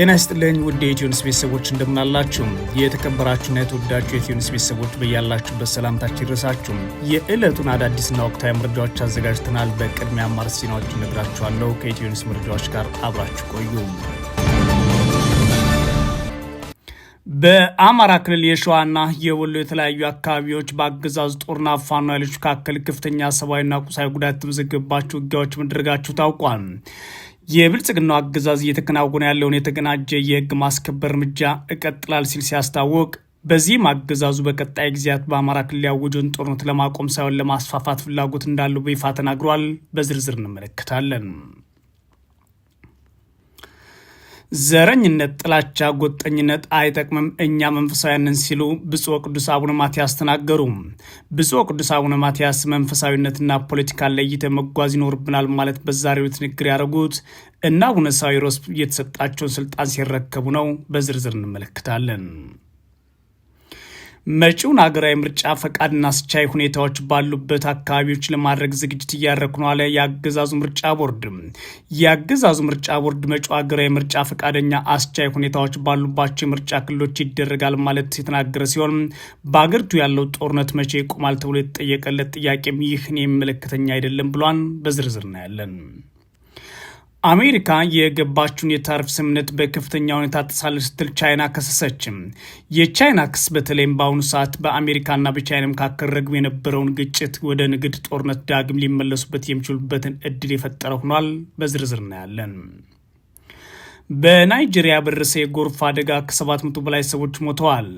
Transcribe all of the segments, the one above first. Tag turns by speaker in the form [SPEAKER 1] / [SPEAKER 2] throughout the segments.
[SPEAKER 1] ጤና ይስጥልኝ ውድ የኢትዮኒስ ቤተሰቦች እንደምናላችሁ። የተከበራችሁና የተወዳችሁ የኢትዮኒስ ቤተሰቦች በያላችሁበት ሰላምታችን ይድረሳችሁ። የዕለቱን አዳዲስና ወቅታዊ መረጃዎች አዘጋጅተናል። በቅድሚያ አማርስ ዜናዎችን እነግራችኋለሁ። ከኢትዮኒስ መረጃዎች ጋር አብራችሁ ቆዩ። በአማራ ክልል የሸዋና የወሎ የተለያዩ አካባቢዎች በአገዛዝ ጦርና ፋኖ ኃይሎች መካከል ከፍተኛ ሰብአዊና ቁሳዊ ጉዳት የተመዘገበባቸው ውጊያዎች መደረጋቸው ታውቋል። የብልጽግናው አገዛዝ እየተከናወነ ያለውን የተገናጀ የህግ ማስከበር እርምጃ እቀጥላል ሲል ሲያስታወቅ በዚህም አገዛዙ በቀጣይ ጊዜያት በአማራ ክልል ያወጀውን ጦርነት ለማቆም ሳይሆን ለማስፋፋት ፍላጎት እንዳለው በይፋ ተናግሯል። በዝርዝር እንመለከታለን። ዘረኝነት፣ ጥላቻ፣ ጎጠኝነት አይጠቅምም፣ እኛ መንፈሳዊያንን ሲሉ ብፁዕ ቅዱስ አቡነ ማትያስ ተናገሩ። ብፁዕ ቅዱስ አቡነ ማትያስ መንፈሳዊነትና ፖለቲካን ለይተ መጓዝ ይኖርብናል ማለት በዛሬው ንግግር ያደረጉት እና አቡነ ሳዊሮስ የተሰጣቸውን ስልጣን ሲረከቡ ነው። በዝርዝር እንመለከታለን። መጪውን አገራዊ ምርጫ ፈቃድና አስቻይ ሁኔታዎች ባሉበት አካባቢዎች ለማድረግ ዝግጅት እያደረኩ ነው አለ የአገዛዙ ምርጫ ቦርድ። የአገዛዙ ምርጫ ቦርድ መጪው አገራዊ ምርጫ ፈቃደኛ አስቻይ ሁኔታዎች ባሉባቸው የምርጫ ክልሎች ይደረጋል ማለት የተናገረ ሲሆን በአገሪቱ ያለው ጦርነት መቼ ይቆማል ተብሎ የተጠየቀለት ጥያቄም ይህን የሚመለከተኛ አይደለም ብሏን። በዝርዝር እናያለን። አሜሪካ የገባችውን የታሪፍ ስምምነት በከፍተኛ ሁኔታ ጥሳለች ስትል ቻይና ከሰሰችም። የቻይና ክስ በተለይም በአሁኑ ሰዓት በአሜሪካና በቻይና መካከል ረግብ የነበረውን ግጭት ወደ ንግድ ጦርነት ዳግም ሊመለሱበት የሚችሉበትን እድል የፈጠረ ሆኗል። በዝርዝር እናያለን። በናይጄሪያ በደረሰ የጎርፍ አደጋ ከ700 በላይ ሰዎች ሞተዋል።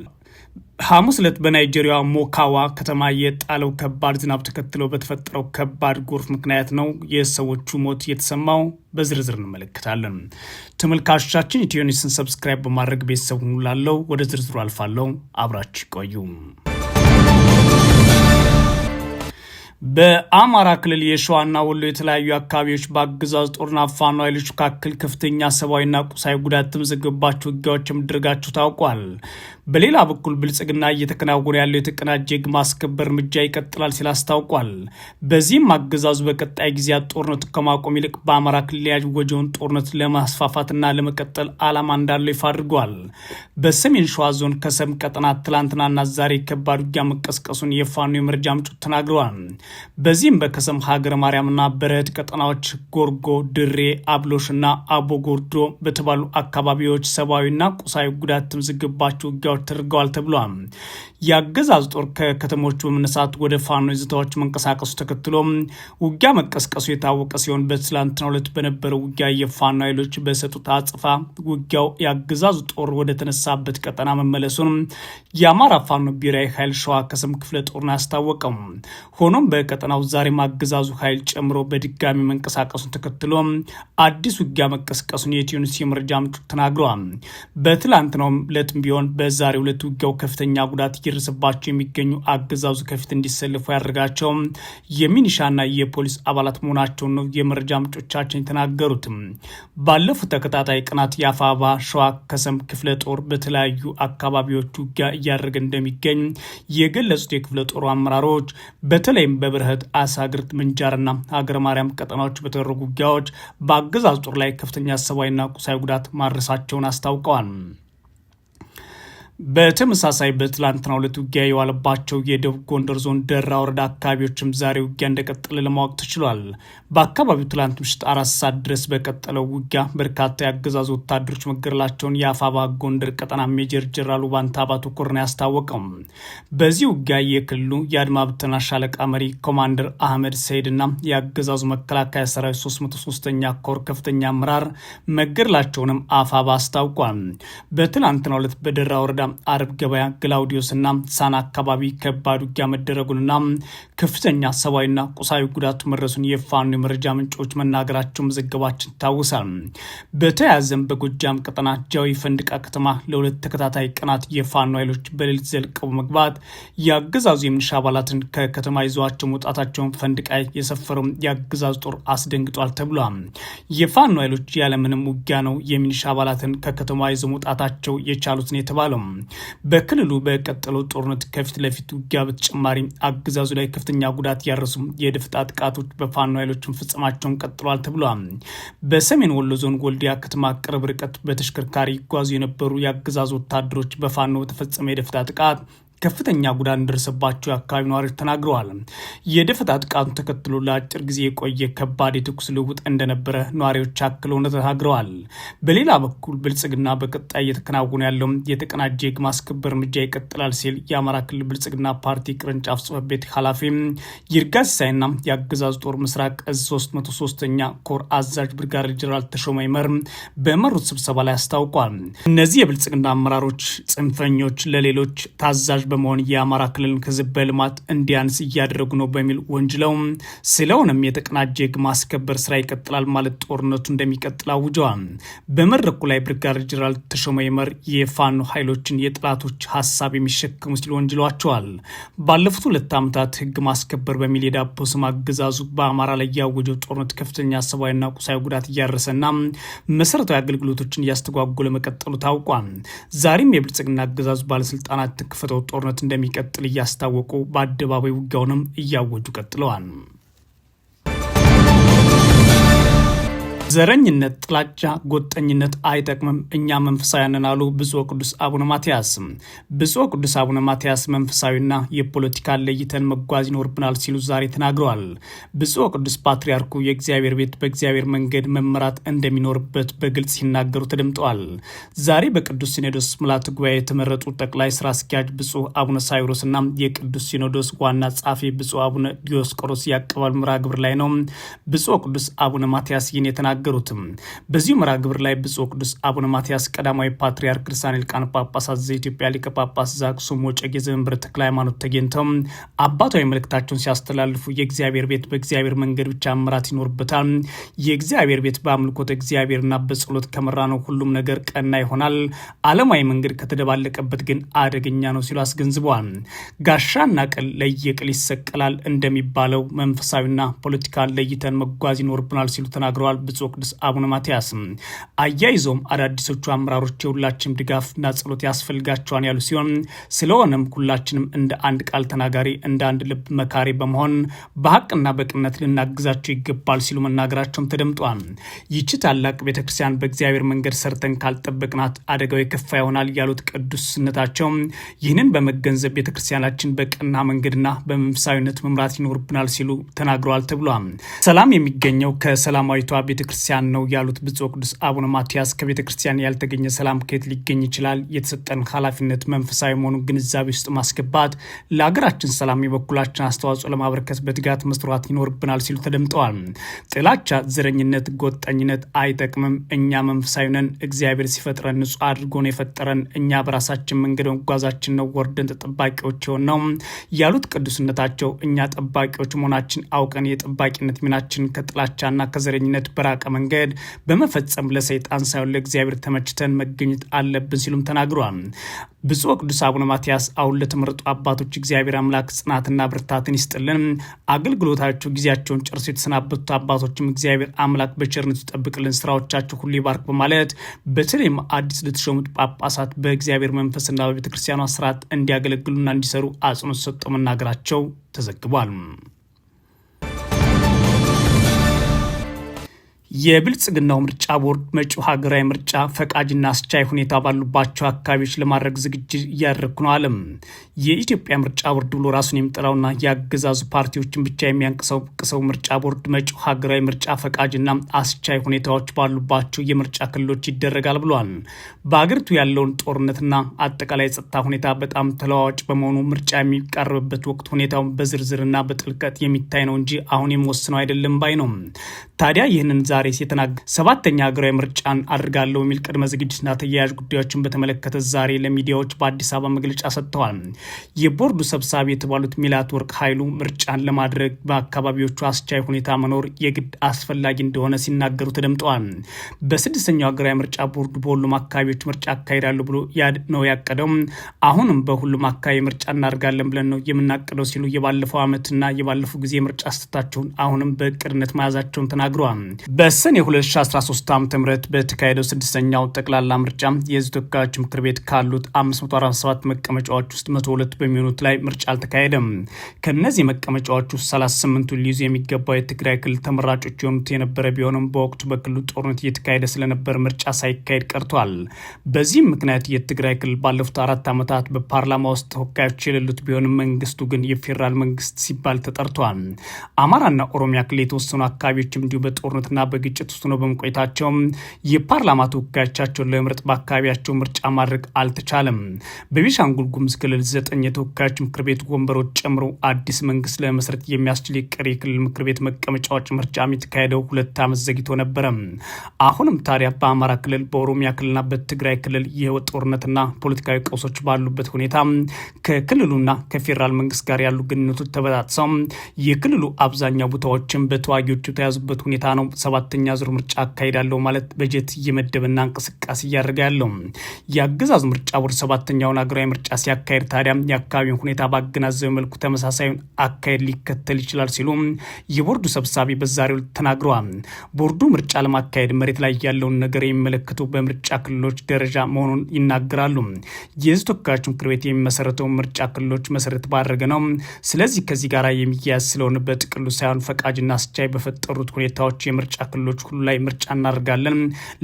[SPEAKER 1] ሐሙስ ዕለት በናይጄሪያ ሞካዋ ከተማ የጣለው ከባድ ዝናብ ተከትሎ በተፈጠረው ከባድ ጎርፍ ምክንያት ነው የሰዎቹ ሞት የተሰማው። በዝርዝር እንመለከታለን። ተመልካቾቻችን ኢትዮኒስን ሰብስክራይብ በማድረግ ቤተሰብ ሁኑ። ላለው ወደ ዝርዝሩ አልፋለሁ። አብራችሁ ይቆዩ በአማራ ክልል የሸዋና ወሎ የተለያዩ አካባቢዎች በአገዛዝ ጦርና ፋኖ ኃይሎች መካከል ከፍተኛ ሰብአዊና ቁሳዊ ጉዳት ተመዘገበባቸው ውጊያዎች መደረጋቸው ታውቋል። በሌላ በኩል ብልጽግና እየተከናወነ ያለው የተቀናጀ ህግ ማስከበር እርምጃ ይቀጥላል ሲል አስታውቋል። በዚህም አገዛዙ በቀጣይ ጊዜያት ጦርነቱ ከማቆም ይልቅ በአማራ ክልል ያወጀውን ጦርነት ለማስፋፋትና ለመቀጠል ዓላማ እንዳለው ይፋ አድርጓል። በሰሜን ሸዋ ዞን ከሰም ቀጠና ትላንትናና ዛሬ ከባድ ውጊያ መቀስቀሱን የፋኑ የመረጃ ምንጮች ተናግረዋል። በዚህም በከሰም ሀገረ ማርያምና በረህድ ቀጠናዎች ጎርጎ፣ ድሬ፣ አብሎሽና አቦ ጎርዶ በተባሉ አካባቢዎች ሰብአዊና ቁሳዊ ጉዳት ተመዘገባቸው ውጊያ ሙከራዎች ተደርገዋል ተብሏል። የአገዛዝ ጦር ከከተሞቹ በመነሳት ወደ ፋኖ ይዞታዎች መንቀሳቀሱ ተከትሎ ውጊያ መቀስቀሱ የታወቀ ሲሆን በትላንትናው ዕለት በነበረው ውጊያ የፋኖ ኃይሎች በሰጡት አጽፋ ውጊያው የአገዛዝ ጦር ወደ ተነሳበት ቀጠና መመለሱን የአማራ ፋኖ ብሔራዊ ኃይል ሸዋ ከሰም ክፍለ ጦርን አስታወቀም። ሆኖም በቀጠናው ዛሬም አገዛዙ ኃይል ጨምሮ በድጋሚ መንቀሳቀሱን ተከትሎ አዲስ ውጊያ መቀስቀሱን የቲዩኒስ የመረጃ ምንጮች ተናግረዋል። በትላንትናው ዕለትም ቢሆን በዛሬው ዕለት ውጊያው ከፍተኛ ጉዳት እየደረሰባቸው የሚገኙ አገዛዙ ከፊት እንዲሰልፉ ያደርጋቸው የሚኒሻና የፖሊስ አባላት መሆናቸውን ነው የመረጃ ምንጮቻችን የተናገሩት ባለፉት ተከታታይ ቀናት የአፋባ ሸዋ ከሰም ክፍለ ጦር በተለያዩ አካባቢዎች ውጊያ እያደረገ እንደሚገኝ የገለጹት የክፍለ ጦሩ አመራሮች በተለይም በብርህት አሳግርት፣ ምንጃርና ሀገረ ማርያም ቀጠናዎች በተደረጉ ውጊያዎች በአገዛዙ ጦር ላይ ከፍተኛ ሰብአዊና ቁሳዊ ጉዳት ማድረሳቸውን አስታውቀዋል። በተመሳሳይ በትላንትና ሁለት ውጊያ የዋለባቸው የደቡብ ጎንደር ዞን ደራ ወረዳ አካባቢዎችም ዛሬ ውጊያ እንደቀጠለ ለማወቅ ተችሏል። በአካባቢው ትላንት ምሽት አራት ሰዓት ድረስ በቀጠለው ውጊያ በርካታ የአገዛዙ ወታደሮች መገደላቸውን የአፋባ ጎንደር ቀጠና ሜጀር ጀራሉ ባንታ ባቶ ኮርን ያስታወቀው። በዚህ ውጊያ የክልሉ የአድማ ብተና ሻለቃ መሪ ኮማንደር አህመድ ሰይድ የአገዛዙ መከላከያ ሰራዊት 303ኛ ኮር ከፍተኛ አመራር መገደላቸውንም አፋባ አስታውቋል። በትላንትና ሁለት በደራ ወረዳ አርብ ገበያ፣ ግላውዲዮስና ሳና አካባቢ ከባድ ውጊያ መደረጉንና ከፍተኛ ሰብአዊና ቁሳዊ ጉዳቱ መድረሱን የፋኑ የመረጃ ምንጮች መናገራቸው መዘገባችን ይታወሳል። በተያያዘም በጎጃም ቀጠና ጃዊ ፈንድቃ ከተማ ለሁለት ተከታታይ ቀናት የፋኑ ኃይሎች በሌሊት ዘልቀው በመግባት የአገዛዙ የምንሻ አባላትን ከከተማ ይዘዋቸው መውጣታቸውን ፈንድቃ የሰፈረው የአገዛዙ ጦር አስደንግጧል ተብሏል። የፋኑ ኃይሎች ያለምንም ውጊያ ነው የሚኒሻ አባላትን ከከተማ ይዘው መውጣታቸው የቻሉትን የተባለው። በክልሉ በቀጠለው ጦርነት ከፊት ለፊት ውጊያ በተጨማሪ አገዛዙ ላይ ከፍተኛ ጉዳት ያረሱ የድፍጣ ጥቃቶች በፋኖ ኃይሎችን ፍጸማቸውን ቀጥሏል ተብሏል። በሰሜን ወሎ ዞን ወልዲያ ከተማ ቅርብ ርቀት በተሽከርካሪ ይጓዙ የነበሩ የአገዛዙ ወታደሮች በፋኖ በተፈጸመ የደፈጣ ጥቃት ከፍተኛ ጉዳት እንደደረሰባቸው የአካባቢ ነዋሪዎች ተናግረዋል። የደፈጣ ጥቃቱን ተከትሎ ለአጭር ጊዜ የቆየ ከባድ የተኩስ ልውውጥ እንደነበረ ነዋሪዎች አክለው ተናግረዋል። በሌላ በኩል ብልጽግና በቀጣይ እየተከናወኑ ያለው የተቀናጀ ህግ ማስከበር እርምጃ ይቀጥላል ሲል የአማራ ክልል ብልጽግና ፓርቲ ቅርንጫፍ ጽሕፈት ቤት ኃላፊ ይርጋ ሲሳይና የአገዛዝ ጦር ምስራቅ እዝ 33 ኛ ኮር አዛዥ ብርጋዴር ጄኔራል ተሾመ ይመር በመሩት ስብሰባ ላይ አስታውቋል። እነዚህ የብልጽግና አመራሮች ጽንፈኞች ለሌሎች ታዛዥ አዛዥ በመሆን የአማራ ክልልን ህዝብ በልማት እንዲያንስ እያደረጉ ነው በሚል ወንጅለው ስለሆነም የተቀናጀ ህግ ማስከበር ስራ ይቀጥላል ማለት ጦርነቱ እንደሚቀጥል አውጀዋል። በመድረኩ ላይ ብርጋዴር ጄኔራል ተሾመ ይመር የፋኖ ኃይሎችን የጥላቶች ሀሳብ የሚሸክሙ ሲል ወንጅሏቸዋል። ባለፉት ሁለት ዓመታት ህግ ማስከበር በሚል የዳቦ ስም አገዛዙ በአማራ ላይ ያወጀው ጦርነት ከፍተኛ ሰብአዊና ቁሳዊ ጉዳት እያደረሰና መሰረታዊ አገልግሎቶችን እያስተጓጎለ መቀጠሉ ታውቋል። ዛሬም የብልጽግና አገዛዙ ባለስልጣናት ተከፈተው ጦርነት እንደሚቀጥል እያስታወቁ በአደባባይ ውጊያውንም እያወጁ ቀጥለዋል። ዘረኝነት፣ ጥላቻ፣ ጎጠኝነት አይጠቅምም፣ እኛ መንፈሳውያንን አሉ ብፁዕ ቅዱስ አቡነ ማትያስ። ብፁዕ ቅዱስ አቡነ ማትያስ መንፈሳዊና የፖለቲካ ለይተን መጓዝ ይኖርብናል ሲሉ ዛሬ ተናግረዋል። ብፁዕ ቅዱስ ፓትርያርኩ የእግዚአብሔር ቤት በእግዚአብሔር መንገድ መመራት እንደሚኖርበት በግልጽ ሲናገሩ ተደምጠዋል። ዛሬ በቅዱስ ሲኖዶስ ምልዓተ ጉባኤ የተመረጡ ጠቅላይ ስራ አስኪያጅ ብፁዕ አቡነ ሳይሮስና የቅዱስ ሲኖዶስ ዋና ጸሐፊ ብፁዕ አቡነ ዲዮስቆሮስ የአቀባበል መርሃ ግብር ላይ ነው ብፁዕ ቅዱስ አቡነ ማትያስ ይህን የተናገ የተናገሩትም። በዚሁ መርሃ ግብር ላይ ብፁዕ ቅዱስ አቡነ ማትያስ ቀዳማዊ ፓትርያርክ ርዕሳነ ሊቃነ ጳጳሳት ዘኢትዮጵያ ሊቀ ጳጳስ ዘአክሱም ወዕጨጌ ዘመንበረ ተክለ ሃይማኖት ተገኝተው አባታዊ መልእክታቸውን ሲያስተላልፉ የእግዚአብሔር ቤት በእግዚአብሔር መንገድ ብቻ ምራት ይኖርበታል። የእግዚአብሔር ቤት በአምልኮት እግዚአብሔርና በጸሎት ከመራ ነው ሁሉም ነገር ቀና ይሆናል። ዓለማዊ መንገድ ከተደባለቀበት ግን አደገኛ ነው ሲሉ አስገንዝበዋል። ጋሻና ቅል ለየቅል ይሰቀላል እንደሚባለው መንፈሳዊና ፖለቲካ ለይተን መጓዝ ይኖርብናል ሲሉ ተናግረዋል። ብፁዕ ቅዱስ አቡነ ማትያስ። አያይዞም አዳዲሶቹ አመራሮች የሁላችንም ድጋፍና ጸሎት ያስፈልጋቸዋል ያሉ ሲሆን ስለሆነም ሁላችንም እንደ አንድ ቃል ተናጋሪ፣ እንደ አንድ ልብ መካሪ በመሆን በሀቅና በቅነት ልናግዛቸው ይገባል ሲሉ መናገራቸውም ተደምጧል። ይቺ ታላቅ ቤተክርስቲያን በእግዚአብሔር መንገድ ሰርተን ካልጠበቅናት አደጋው የከፋ ይሆናል ያሉት ቅዱስነታቸው ይህንን በመገንዘብ ቤተክርስቲያናችን በቀና መንገድና በመንፈሳዊነት መምራት ይኖርብናል ሲሉ ተናግረዋል ተብሏል። ሰላም የሚገኘው ከሰላማዊቷ ቤተክርስቲያን ክርስቲያን ነው ያሉት ብፁዕ ቅዱስ አቡነ ማትያስ ከቤተ ክርስቲያን ያልተገኘ ሰላም ከየት ሊገኝ ይችላል? የተሰጠን ኃላፊነት መንፈሳዊ መሆኑን ግንዛቤ ውስጥ ማስገባት፣ ለሀገራችን ሰላም የበኩላችን አስተዋጽኦ ለማበረከት በትጋት መስራት ይኖርብናል ሲሉ ተደምጠዋል። ጥላቻ፣ ዘረኝነት፣ ጎጠኝነት አይጠቅምም። እኛ መንፈሳዊ ነን። እግዚአብሔር ሲፈጥረን አድርጎ አድርጎን የፈጠረን እኛ በራሳችን መንገድ መጓዛችን ነው ወርደን ተጠባቂዎች የሆን ነው ያሉት ቅዱስነታቸው እኛ ጠባቂዎች መሆናችን አውቀን የጠባቂነት ሚናችን ከጥላቻና ከዘረኝነት በራቀ መንገድ በመፈጸም ለሰይጣን ሳይሆን ለእግዚአብሔር ተመችተን መገኘት አለብን ሲሉም ተናግሯል። ብፁዕ ቅዱስ አቡነ ማትያስ አሁን ለተመረጡ አባቶች እግዚአብሔር አምላክ ጽናትና ብርታትን ይስጥልን። አገልግሎታቸው ጊዜያቸውን ጨርሶ የተሰናበቱ አባቶችም እግዚአብሔር አምላክ በቸርነት ይጠብቅልን፣ ስራዎቻቸው ሁሉ ይባርክ በማለት በተለይም አዲስ ለተሾሙት ጳጳሳት በእግዚአብሔር መንፈስና በቤተክርስቲያኗ ስርዓት እንዲያገለግሉና እንዲሰሩ አጽንኦት ሰጥተው መናገራቸው ተዘግቧል። የብልጽግናው ምርጫ ቦርድ መጪው ሀገራዊ ምርጫ ፈቃጅና አስቻይ ሁኔታ ባሉባቸው አካባቢዎች ለማድረግ ዝግጅት እያደረግኩ ነው አለም። የኢትዮጵያ ምርጫ ቦርድ ብሎ ራሱን የሚጠራውና የአገዛዙ ፓርቲዎችን ብቻ የሚያንቀሳቅሰው ምርጫ ቦርድ መጪው ሀገራዊ ምርጫ ፈቃጅና አስቻይ ሁኔታዎች ባሉባቸው የምርጫ ክልሎች ይደረጋል ብሏል። በአገሪቱ ያለውን ጦርነትና አጠቃላይ የጸጥታ ሁኔታ በጣም ተለዋዋጭ በመሆኑ ምርጫ የሚቀርብበት ወቅት ሁኔታውን በዝርዝርና በጥልቀት የሚታይ ነው እንጂ አሁን የምወስነው አይደለም ባይ ነው። ታዲያ ይህንን ዛሬ የተናገ ሰባተኛ ሀገራዊ ምርጫን አድርጋለሁ የሚል ቅድመ ዝግጅትና ተያያዥ ጉዳዮችን በተመለከተ ዛሬ ለሚዲያዎች በአዲስ አበባ መግለጫ ሰጥተዋል። የቦርዱ ሰብሳቢ የተባሉት ሚላት ወርቅ ኃይሉ ምርጫን ለማድረግ በአካባቢዎቹ አስቻይ ሁኔታ መኖር የግድ አስፈላጊ እንደሆነ ሲናገሩ ተደምጠዋል። በስድስተኛው ሀገራዊ ምርጫ ቦርዱ በሁሉም አካባቢዎች ምርጫ አካሄዳሉ ብሎ ነው ያቀደው። አሁንም በሁሉም አካባቢ ምርጫ እናደርጋለን ብለን ነው የምናቅደው ሲሉ የባለፈው ዓመትና የባለፈው ጊዜ ምርጫ ስህተታቸውን አሁንም በእቅድነት መያዛቸውን ተናግ ተናግረዋል። በሰኔ 2013 ዓ ም በተካሄደው ስድስተኛው ጠቅላላ ምርጫ የህዝብ ተወካዮች ምክር ቤት ካሉት 547 መቀመጫዎች ውስጥ 102 በሚሆኑት ላይ ምርጫ አልተካሄደም። ከእነዚህ መቀመጫዎች ውስጥ 38ቱ ሊይዙ የሚገባው የትግራይ ክልል ተመራጮች የሆኑት የነበረ ቢሆንም በወቅቱ በክልሉ ጦርነት እየተካሄደ ስለነበር ምርጫ ሳይካሄድ ቀርቷል። በዚህም ምክንያት የትግራይ ክልል ባለፉት አራት ዓመታት በፓርላማ ውስጥ ተወካዮች የሌሉት ቢሆንም መንግስቱ ግን የፌዴራል መንግስት ሲባል ተጠርቷል። አማራና ኦሮሚያ ክልል የተወሰኑ አካባቢዎችም እንዲሁ በጦርነትና በግጭት ውስጥ ነው በመቆየታቸው የፓርላማ ተወካዮቻቸውን ለመምረጥ በአካባቢያቸው ምርጫ ማድረግ አልተቻለም። በቤኒሻንጉል ጉሙዝ ክልል ዘጠኝ የተወካዮች ምክር ቤት ወንበሮች ጨምሮ አዲስ መንግስት ለመስረት የሚያስችል የቀሪ የክልል ምክር ቤት መቀመጫዎች ምርጫ የተካሄደው ሁለት ዓመት ዘግይቶ ነበረ። አሁንም ታዲያ በአማራ ክልል በኦሮሚያ ክልልና በትግራይ ክልል የህይወት ጦርነትና ፖለቲካዊ ቀውሶች ባሉበት ሁኔታ ከክልሉና ከፌዴራል መንግስት ጋር ያሉ ግንኙነቶች ተበጣጥሰው የክልሉ አብዛኛው ቦታዎችን በተዋጊዎቹ ተያዙበት ሁኔታ ነው ሰባተኛ ዙር ምርጫ አካሄዳለሁ ማለት በጀት እየመደበና እንቅስቃሴ እያደረገ ያለው። የአገዛዙ ምርጫ ቦርድ ሰባተኛውን አገራዊ ምርጫ ሲያካሄድ ታዲያ የአካባቢውን ሁኔታ ባገናዘበ መልኩ ተመሳሳዩን አካሄድ ሊከተል ይችላል ሲሉ የቦርዱ ሰብሳቢ በዛሬው ተናግረዋል። ቦርዱ ምርጫ ለማካሄድ መሬት ላይ ያለውን ነገር የሚመለከቱ በምርጫ ክልሎች ደረጃ መሆኑን ይናገራሉ። የህዝብ ተወካዮች ምክር ቤት የሚመሰረተው ምርጫ ክልሎች መሰረት ባደረገ ነው። ስለዚህ ከዚህ ጋር የሚያያዝ ስለሆነ በጥቅሉ ሳይሆን ፈቃጅና አስቻይ በፈጠሩት ሁኔታ ሁኔታዎች የምርጫ ክልሎች ሁሉ ላይ ምርጫ እናደርጋለን።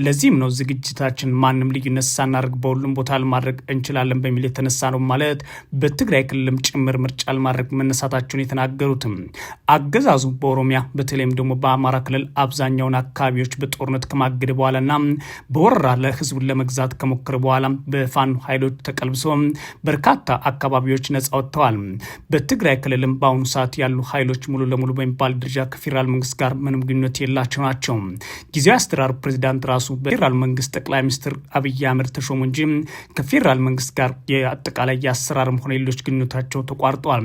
[SPEAKER 1] ለዚህም ነው ዝግጅታችን ማንም ልዩነት ሳናደርግ በሁሉም ቦታ ለማድረግ እንችላለን በሚል የተነሳ ነው ማለት በትግራይ ክልልም ጭምር ምርጫ ለማድረግ መነሳታቸውን የተናገሩትም አገዛዙ በኦሮሚያ በተለይም ደግሞ በአማራ ክልል አብዛኛውን አካባቢዎች በጦርነት ከማገደ በኋላና በወረራ ለህዝቡን ለመግዛት ከሞከረ በኋላ በፋኖ ኃይሎች ተቀልብሶ በርካታ አካባቢዎች ነጻ ወጥተዋል። በትግራይ ክልልም በአሁኑ ሰዓት ያሉ ኃይሎች ሙሉ ለሙሉ በሚባል ደረጃ ከፌዴራል መንግስት ጋር ምንም ግንኙነት የላቸው ናቸው። ጊዜያዊ አስተዳደሩ ፕሬዚዳንት ራሱ በፌዴራል መንግስት ጠቅላይ ሚኒስትር አብይ አህመድ ተሾሙ እንጂ ከፌዴራል መንግስት ጋር የአጠቃላይ የአሰራርም ሆነ ሌሎች ግንኙነታቸው ተቋርጧል።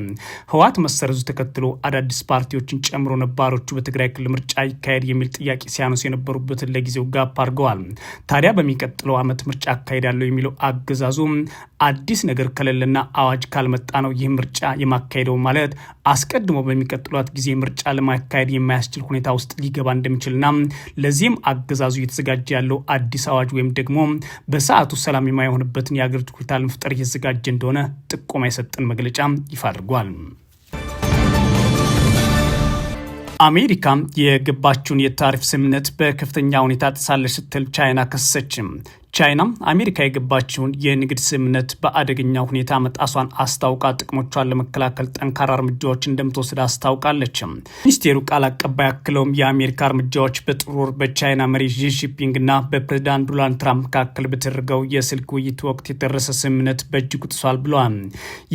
[SPEAKER 1] ህወሓት መሰረዙ ተከትሎ አዳዲስ ፓርቲዎችን ጨምሮ ነባሮቹ በትግራይ ክልል ምርጫ ይካሄድ የሚል ጥያቄ ሲያነሱ የነበሩበትን ለጊዜው ጋፕ አድርገዋል። ታዲያ በሚቀጥለው ዓመት ምርጫ አካሄዳለሁ የሚለው አገዛዙ አዲስ ነገር ከሌለና አዋጅ ካልመጣ ነው ይህ ምርጫ የማካሄደው ማለት አስቀድሞ በሚቀጥሏት ጊዜ ምርጫ ለማካሄድ የማያስችል ሁኔታ ውስጥ ሊገባ እንደሚችልና ለዚህም አገዛዙ እየተዘጋጀ ያለው አዲስ አዋጅ ወይም ደግሞ በሰዓቱ ሰላም የማይሆንበትን የአገሪቱ ሁኔታ ለመፍጠር እየተዘጋጀ እንደሆነ ጥቆማ የሰጠን መግለጫ ይፋ አድርጓል። አሜሪካ የገባችውን የታሪፍ ስምምነት በከፍተኛ ሁኔታ ጥሳለች ስትል ቻይና ከሰችም። ቻይና አሜሪካ የገባችውን የንግድ ስምምነት በአደገኛ ሁኔታ መጣሷን አስታውቃ ጥቅሞቿን ለመከላከል ጠንካራ እርምጃዎች እንደምትወስድ አስታውቃለች። ሚኒስቴሩ ቃል አቀባይ አክለውም የአሜሪካ እርምጃዎች በጥር ወር በቻይና መሪ ዢጂንፒንግ እና በፕሬዚዳንት ዶናልድ ትራምፕ መካከል በተደረገው የስልክ ውይይት ወቅት የደረሰ ስምምነት በእጅጉ ጥሷል ብለዋል።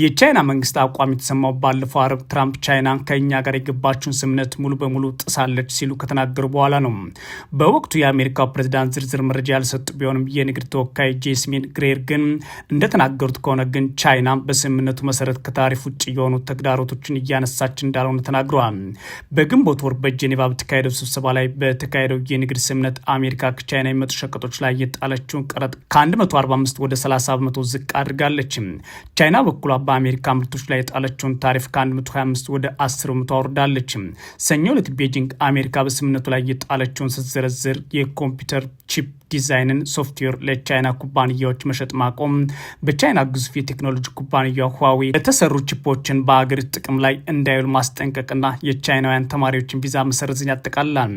[SPEAKER 1] የቻይና መንግስት አቋም የተሰማው ባለፈው አረብ ትራምፕ ቻይና ከእኛ ጋር የገባችውን ስምምነት ሙሉ በሙሉ ጥሳለች ሲሉ ከተናገሩ በኋላ ነው። በወቅቱ የአሜሪካው ፕሬዚዳንት ዝርዝር መረጃ ያልሰጡ ቢሆንም የንግድ ተወካይ ጄስሚን ግሬር ግን እንደተናገሩት ከሆነ ግን ቻይና በስምምነቱ መሰረት ከታሪፍ ውጭ የሆኑ ተግዳሮቶችን እያነሳች እንዳልሆነ ተናግረዋል። በግንቦት ወር በጄኔቫ በተካሄደው ስብሰባ ላይ በተካሄደው የንግድ ስምምነት አሜሪካ ከቻይና የሚመጡ ሸቀጦች ላይ የጣለችውን ቀረጥ ከ145 ወደ 30 በመቶ ዝቅ አድርጋለች። ቻይና በኩሏ በአሜሪካ ምርቶች ላይ የጣለችውን ታሪፍ ከ125 ወደ 10 በመቶ አውርዳለች። ሰኞ ዕለት ቤጂንግ አሜሪካ በስምምነቱ ላይ የጣለችውን ስትዘረዝር የኮምፒውተር ቺፕ ዲዛይንን ሶፍትዌር ለቻይና ኩባንያዎች መሸጥ ማቆም በቻይና ግዙፍ የቴክኖሎጂ ኩባንያ ሁዋዌ የተሰሩ ቺፖችን በአገሪቱ ጥቅም ላይ እንዳይውል ማስጠንቀቅና የቻይናውያን ተማሪዎችን ቪዛ መሰረዝን ያጠቃልላል።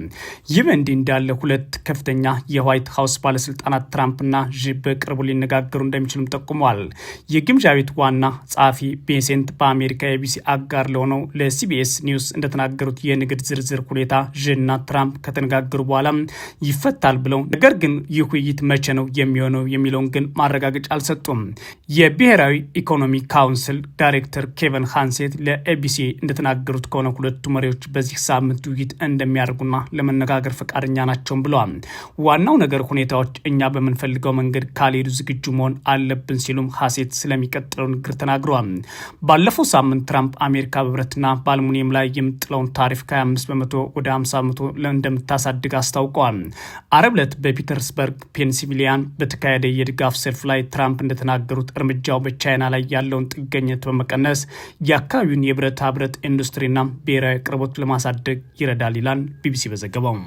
[SPEAKER 1] ይህ በእንዲህ እንዳለ ሁለት ከፍተኛ የዋይት ሀውስ ባለስልጣናት ትራምፕና ዢ በቅርቡ ሊነጋገሩ እንደሚችሉም ጠቁመዋል። የግምዣ ቤት ዋና ጸሐፊ ቤሴንት በአሜሪካ የቢሲ አጋር ለሆነው ለሲቢኤስ ኒውስ እንደተናገሩት የንግድ ዝርዝር ሁኔታ ዢና ትራምፕ ከተነጋገሩ በኋላ ይፈታል ብለው ነገር ግን ይህ ውይይት መቼ ነው የሚሆነው የሚለውን ግን ማረጋገጫ አልሰጡም። የብሔራዊ ኢኮኖሚ ካውንስል ዳይሬክተር ኬቨን ሃንሴት ለኤቢሲ እንደተናገሩት ከሆነ ሁለቱ መሪዎች በዚህ ሳምንት ውይይት እንደሚያደርጉና ለመነጋገር ፈቃደኛ ናቸውም ብለዋል። ዋናው ነገር ሁኔታዎች እኛ በምንፈልገው መንገድ ካልሄዱ ዝግጁ መሆን አለብን ሲሉም ሀሴት ስለሚቀጥለው ንግግር ተናግረዋል። ባለፈው ሳምንት ትራምፕ አሜሪካ በብረትና በአልሙኒየም ላይ የምጥለውን ታሪፍ ከ25 በመቶ ወደ 50 በመቶ እንደምታሳድግ አስታውቀዋል። አረብ ዕለት በፒተርስ ፒትስበርግ ፔንሲልቬኒያ በተካሄደ የድጋፍ ሰልፍ ላይ ትራምፕ እንደተናገሩት እርምጃው በቻይና ላይ ያለውን ጥገኝነት በመቀነስ የአካባቢውን የብረታ ብረት ኢንዱስትሪና ብሔራዊ አቅርቦት ለማሳደግ ይረዳል ይላል ቢቢሲ በዘገባው።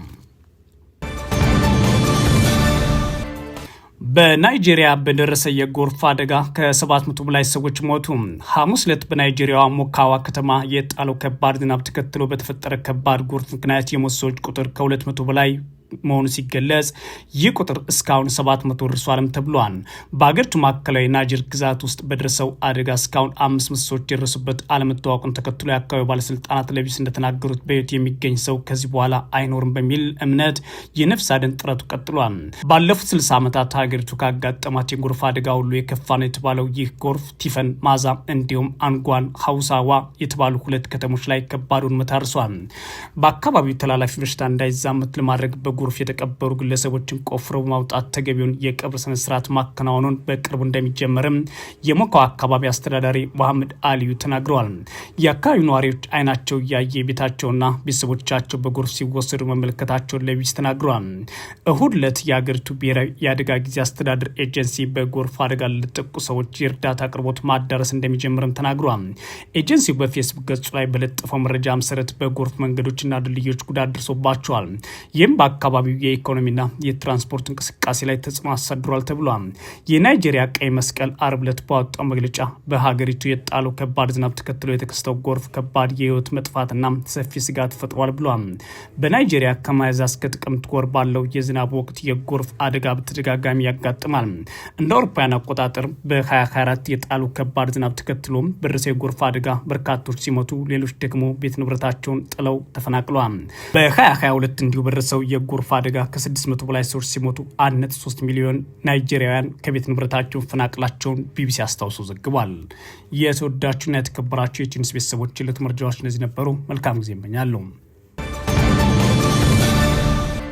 [SPEAKER 1] በናይጄሪያ በደረሰ የጎርፍ አደጋ ከ700 በላይ ሰዎች ሞቱ። ሐሙስ ዕለት በናይጄሪያዋ ሞካዋ ከተማ የጣለው ከባድ ዝናብ ተከትሎ በተፈጠረ ከባድ ጎርፍ ምክንያት የሞት ሰዎች ቁጥር ከ200 በላይ መሆኑ ሲገለጽ ይህ ቁጥር እስካሁን 700 ደርሷልም ተብሏል። በአገሪቱ ማዕከላዊ ናጅር ግዛት ውስጥ በደረሰው አደጋ እስካሁን አምስት ምስሶች ደረሱበት የደረሱበት አለመታወቁን ተከትሎ የአካባቢው ባለስልጣናት ለቢስ እንደተናገሩት በህይወት የሚገኝ ሰው ከዚህ በኋላ አይኖርም በሚል እምነት የነፍስ አድን ጥረቱ ቀጥሏል። ባለፉት 60 ዓመታት ሀገሪቱ ካጋጠማት የጎርፍ አደጋ ሁሉ የከፋ ነው የተባለው ይህ ጎርፍ ቲፈን፣ ማዛ እንዲሁም አንጓን ሀውሳዋ የተባሉ ሁለት ከተሞች ላይ ከባዱን መታርሷል። በአካባቢው ተላላፊ በሽታ እንዳይዛመት ለማድረግ በ በጎርፍ የተቀበሩ ግለሰቦችን ቆፍረው በማውጣት ተገቢውን የቀብር ስነስርዓት ማከናወኑን በቅርቡ እንደሚጀመርም የሞካው አካባቢ አስተዳዳሪ መሐመድ አልዩ ተናግረዋል። የአካባቢው ነዋሪዎች አይናቸው እያየ ቤታቸውና ቤተሰቦቻቸው በጎርፍ ሲወሰዱ መመልከታቸውን ለቢስ ተናግረዋል። እሁድ ዕለት የአገሪቱ ብሔራዊ የአደጋ ጊዜ አስተዳደር ኤጀንሲ በጎርፍ አደጋ ለተጠቁ ሰዎች የእርዳታ አቅርቦት ማዳረስ እንደሚጀምርም ተናግረዋል። ኤጀንሲው በፌስቡክ ገጹ ላይ በለጠፈው መረጃ መሰረት በጎርፍ መንገዶችና ድልድዮች ጉዳት ደርሶባቸዋል። ይህም በአካባቢ በአካባቢው የኢኮኖሚና የትራንስፖርት እንቅስቃሴ ላይ ተጽዕኖ አሳድሯል ተብሏል። የናይጄሪያ ቀይ መስቀል አርብ ዕለት ባወጣው መግለጫ በሀገሪቱ የጣለው ከባድ ዝናብ ተከትሎ የተከሰተው ጎርፍ ከባድ የህይወት መጥፋትና ሰፊ ስጋት ፈጥሯል ብሏል። በናይጄሪያ ከሚያዝያ እስከ ጥቅምት ወር ባለው የዝናብ ወቅት የጎርፍ አደጋ በተደጋጋሚ ያጋጥማል። እንደ አውሮፓውያን አቆጣጠር በ2024 የጣሉ ከባድ ዝናብ ተከትሎ በደረሰው የጎርፍ አደጋ በርካቶች ሲሞቱ፣ ሌሎች ደግሞ ቤት ንብረታቸውን ጥለው ተፈናቅለዋል። በ2022 እንዲሁ በደረሰው የጎ ጎርፍ አደጋ ከ600 በላይ ሰዎች ሲሞቱ 1.3 ሚሊዮን ናይጄሪያውያን ከቤት ንብረታቸው መፈናቀላቸውን ቢቢሲ አስታውሶ ዘግቧል። የተወዳችሁና የተከበራቸው የቲዩኒስ ቤተሰቦች ለት መረጃዎች እነዚህ ነበሩ። መልካም ጊዜ እመኛለሁ።